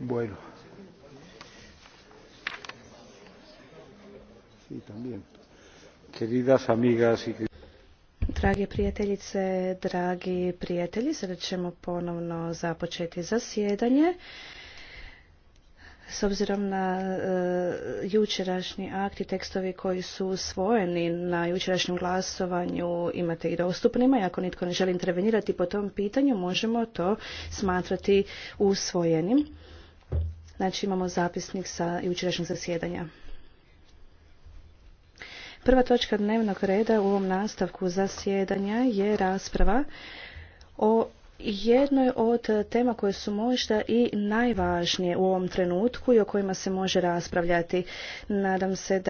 Bueno. Sí, también. Queridas amigas y Drage prijateljice, dragi prijatelji, sada ćemo ponovno započeti zasjedanje. S obzirom na e, jučerašnji akt i tekstovi koji su usvojeni na jučerašnjem glasovanju imate ih dostupnima i ako nitko ne želi intervenirati po tom pitanju možemo to smatrati usvojenim. Znači imamo zapisnik sa jučerašnjeg zasjedanja. Prva točka dnevnog reda u ovom nastavku zasjedanja je rasprava o jednoj od tema koje su možda i najvažnije u ovom trenutku i o kojima se može raspravljati. Nadam se da